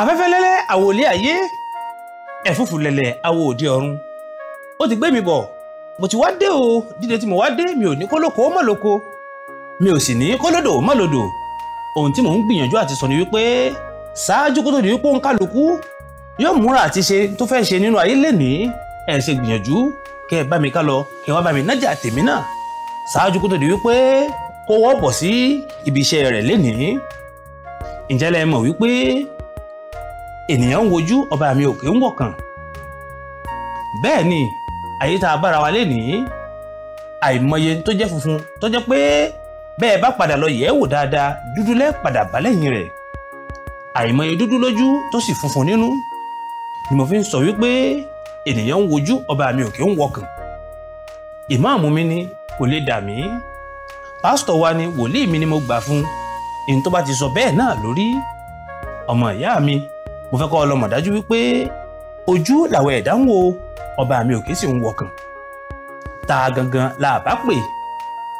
afẹ́fẹ́ lẹ́lẹ́ àwòlé ayé ẹ̀fúfù lẹ́lẹ́ àwò òde ọ̀run ó ti gbé mi bọ̀ mo ti wá dé o dídé tí mo wá dé mi ò ní kólókó mọ́ lóko mi ò sì ní kólódò mọ́ lódò ohun tí mò ń gbìyànjú àti sọ ni wípé ṣáájú kó tó di wípé òun kálukú yóò múra àti ṣe tó fẹ́ ṣe nínú ayé lénìí ẹ̀ ṣe gbìyànjú kẹ́ ẹ bá mi ká lọ kẹ́ ẹ wá bá mi nájà tèmi náà ṣáájú kó tó di wípé kó wọ́ pọ̀ sí ibi iṣẹ́ rẹ̀ lénìí ǹjẹ́ lẹ́ mọ̀ wípé ènìyàn ń wojú ọba mi òkè ń wọ̀kàn bẹ́ẹ̀ ni àyè tá a bára wa lénìí àìmọye tó jẹ́ funfun tó jẹ́ pé bẹ́ẹ̀ bá padà lọ yẹ̀ wò dáadáa dúdú padà bá lẹ́yìn rẹ̀ àìmọye dúdú lójú tó sì funfun nínú ni mo fi ń sọ wípé ènìyàn ń wojú ọba mi òkè ń wọ̀kàn ìmáàmù mi ni kò lè dà mí pásítọ̀ wa ni wòlíì mi ni mo gbà fún ẹni tó bá ti sọ bẹ́ẹ̀ náà lórí ọmọ ìyá mi mo fẹ́ kọ́ ọ lọ́mọ̀ dájú wípé ojú làwọn ẹ̀dá ń wo ọba mi ò kì í sì ń wọkàn ta gangan la bá pè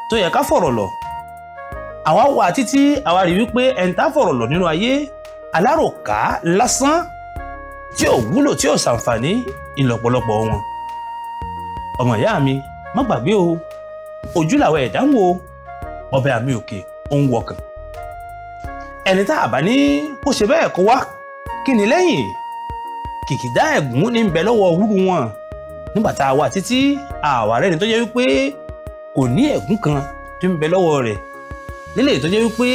tó yẹ ká fọ̀rọ̀ lọ àwa wà títí àwa rí wípé ẹni tá fọ̀rọ̀ lọ nínú ayé aláròká lásán tí ò wúlò tí ò ṣàǹfààní ìlọ̀pọ̀lọpọ̀ wọn ọmọ ìyá mi má gbàgbé o ojú làwọn ẹ̀dá ń wo ọba mi òkè ó ń wọkàn ẹni tá a bá ní kó ṣe bẹ́ẹ̀ kó wá kíni lẹ́yìn kìkìdá ẹ̀gún ní bẹ lọ́wọ́ wúrú wọn nígbà tá a wà títí àwa rẹ̀ ni tó jẹ́ wípé kò ní ẹ̀gún kan tó ń bẹ lọ́wọ́ rẹ̀ lélẹ̀ tó jẹ́ wípé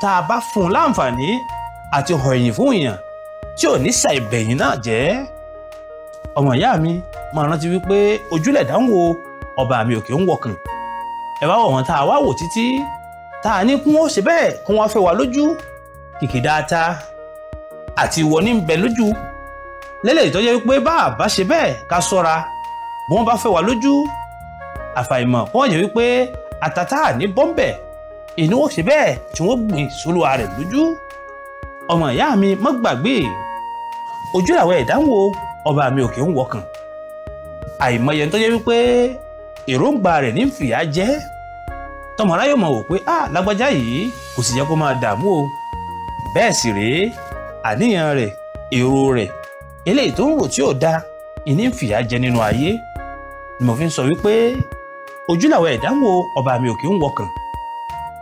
tá a bá fún láǹfààní àti hàn ẹ̀yìn fún èèyàn tí ò ní ṣàìbẹ̀yìn náà jẹ́ ọmọ ìyá mi máa rántí wípé ojúlẹ̀ dáhùn ọba mi òkè ń wọkàn ẹ wá wọ̀ wọ́n tá a wá wò títí tá a ní kún ó ṣe bẹ́ẹ̀ kún wọ́n fẹ́ wà lójú kìkì dáadáa àti ìwọ ní bẹ lójú lélẹ̀ tó jẹ́ wípé bá a bá ṣe bẹ́ẹ̀ ká sọ́ra bí wọ́n bá fẹ́ wà lójú àfàìmọ̀ kó wọ́n jẹ́ wípé àtàtà ní bọ́m̀bẹ̀ ìní wọ́n ṣe bẹ́ẹ̀ tí wọ́n gbìn sólúwa rẹ̀ lójú ọmọ ìyá mi má gbàgbé ojú làwọn ẹ̀dá ń wo ọba mi òkè ń wọkàn àìmọye tó jẹ́ wípé èròǹgbà rẹ̀ ní fìyà jẹ́ tọmọ aráyọ̀ mọ̀ wò pé ah lágbájá yìí kò sì yẹ kó máa dààmú o bẹ́ẹ̀ sì rèé àníyàn rẹ̀ èrò rẹ̀ eléyìí tó ń rò tí ò dáa ìní ń fìyà jẹ nínú ayé ni mo fi ń sọ wípé ojú làwọn ẹ̀dá ń wo ọba mi ò kì í ń wọkàn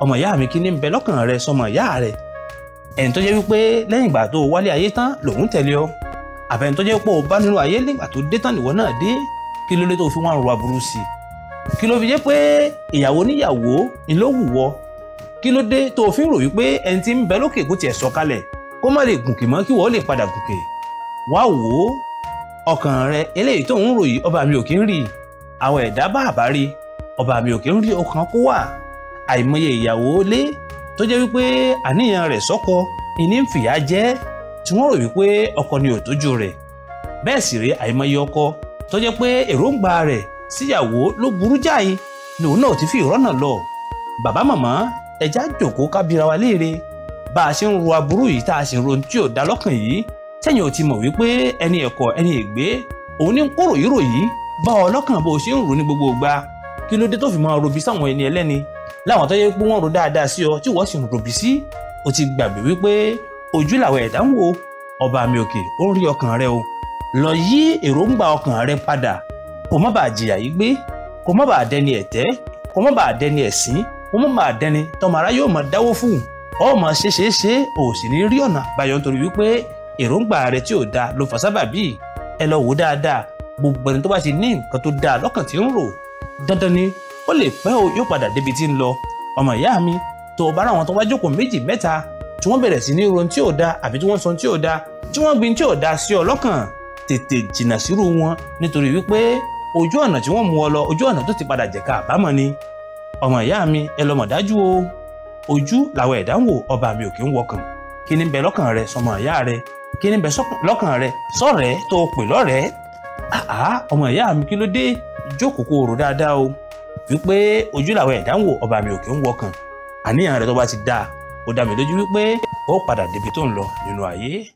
ọmọ ìyá mi kí ní ń bẹ lọ́kàn rẹ sọmọ ìyá rẹ ẹni tó jẹ́ wípé lẹ́yìn ìgbà tó wálé ayé tán lòun tẹ̀lé ọ àbẹ̀ni tó jẹ́ pé o bá nínú ayé nígbà tó dé tán nìwọ náà dé kí ló dé tó fi wọ́n ń aburú sí i kí ló fi jẹ́ pé ìyàwó níyàwó ni ló wù wọ́ kí ló dé tó fi ń rò wípé ẹni tí ń bẹ lókè kó tiẹ̀ sọ kalẹ̀ kó má lè gùnkè mọ́ kí wọ́n lè padà gùnkè wá wò ó ọkàn rẹ eléyìí tó ń ròyìn ọba mi ò kí ń rí àwọn ẹ̀dá bá àbá rí ọba mi ò kí ń rí ọkàn kó wà àìmọye ìyàwó lé tó jẹ́ wípé àníyàn rẹ̀ sọ́kọ ìní ń fìyà jẹ tí wọ́n rò wípé ọkọ ni ò tójú rẹ̀ bẹ́ẹ̀ sì rí àìmọye ọkọ tó jẹ́ pé èròǹgbà rẹ̀ síyàwó ló burú jáì lòun náà ti fi ìrọ́nà lọ bàbá màmá ẹja jòkó kábíra léèrè bá a ṣe ń ro aburú yìí tá a sì ro tí ò lọ́kàn yìí sẹ́yìn ò ti mọ̀ wípé ẹni ẹ̀kọ́ ẹni ègbé òun ní kó ròyìnrò yìí bá ọ lọ́kàn bó o ṣe ń rò ní gbogbo ìgbà kí ló dé tó fi máa robi sáwọn ẹni ẹlẹ́ni láwọn tó yẹ pé wọ́n ro dáadáa sí ọ tí wọ́n sì ń robi sí o ti gbàgbé wípé ojú làwọn ẹ̀dá ń wo ọba mi òkè ó ń rí ọkàn rẹ o lọ yí èròǹgbà ọkàn rẹ padà kó má bàa jìyà yìí gbé kó má bàa dẹni ẹ̀tẹ́ kó má bàa dẹni ẹ̀sín kó má bàa dẹni tọmọ ara yóò máa dáwó fún un ọmọ ṣe ṣe ṣe ò sì ní rí ọ̀nà àbáyọ nítorí wípé èròǹgbà rẹ tí ò da ló fà sábàbí ẹ lọ wò dáadáa gbogbo ẹni tó bá ti ní nǹkan tó da lọ́kàn tí ń rò dandan ni ó lè pẹ́ o yóò padà débi tí ń lọ ọmọ ìyá mi tó o bá ra àwọn tó wá jókòó méjì mẹ́ta tí wọ́n bẹ̀rẹ̀ sí ní ron tí ò da àbí tí wọ́n sọ tí ò da tí wọ́n gbin tí ò da sí ọ lọ́kàn tètè jìnnà sírú wọn nítorí wípé ojú ọ̀nà tí wọ́n mú ọ lọ ojú ọ̀nà tó ti padà jẹ̀ka àbámọ̀ ni ọmọ ìyá mi ẹ lọ́mọ̀ dájú o ojú làwọn ẹ̀dá ń wò ọba mi ò kí ń wọkàn kí ni bẹ lọ́kàn rẹ sọmọ ìyá rẹ kí ni bẹ lọ́kàn rẹ sọ̀rẹ́ tó o pè lọ́rẹ́ àá ọmọ ìyá mi kí ló dé jókòó kó o rò dáadáa o wípé ojú làwọn ẹ̀dá ọba mi ò kí ń wọkàn àníyàn rẹ tó bá ti dáa ó dá mi lójú wípé ó padà débi tó ń lọ nínú ayé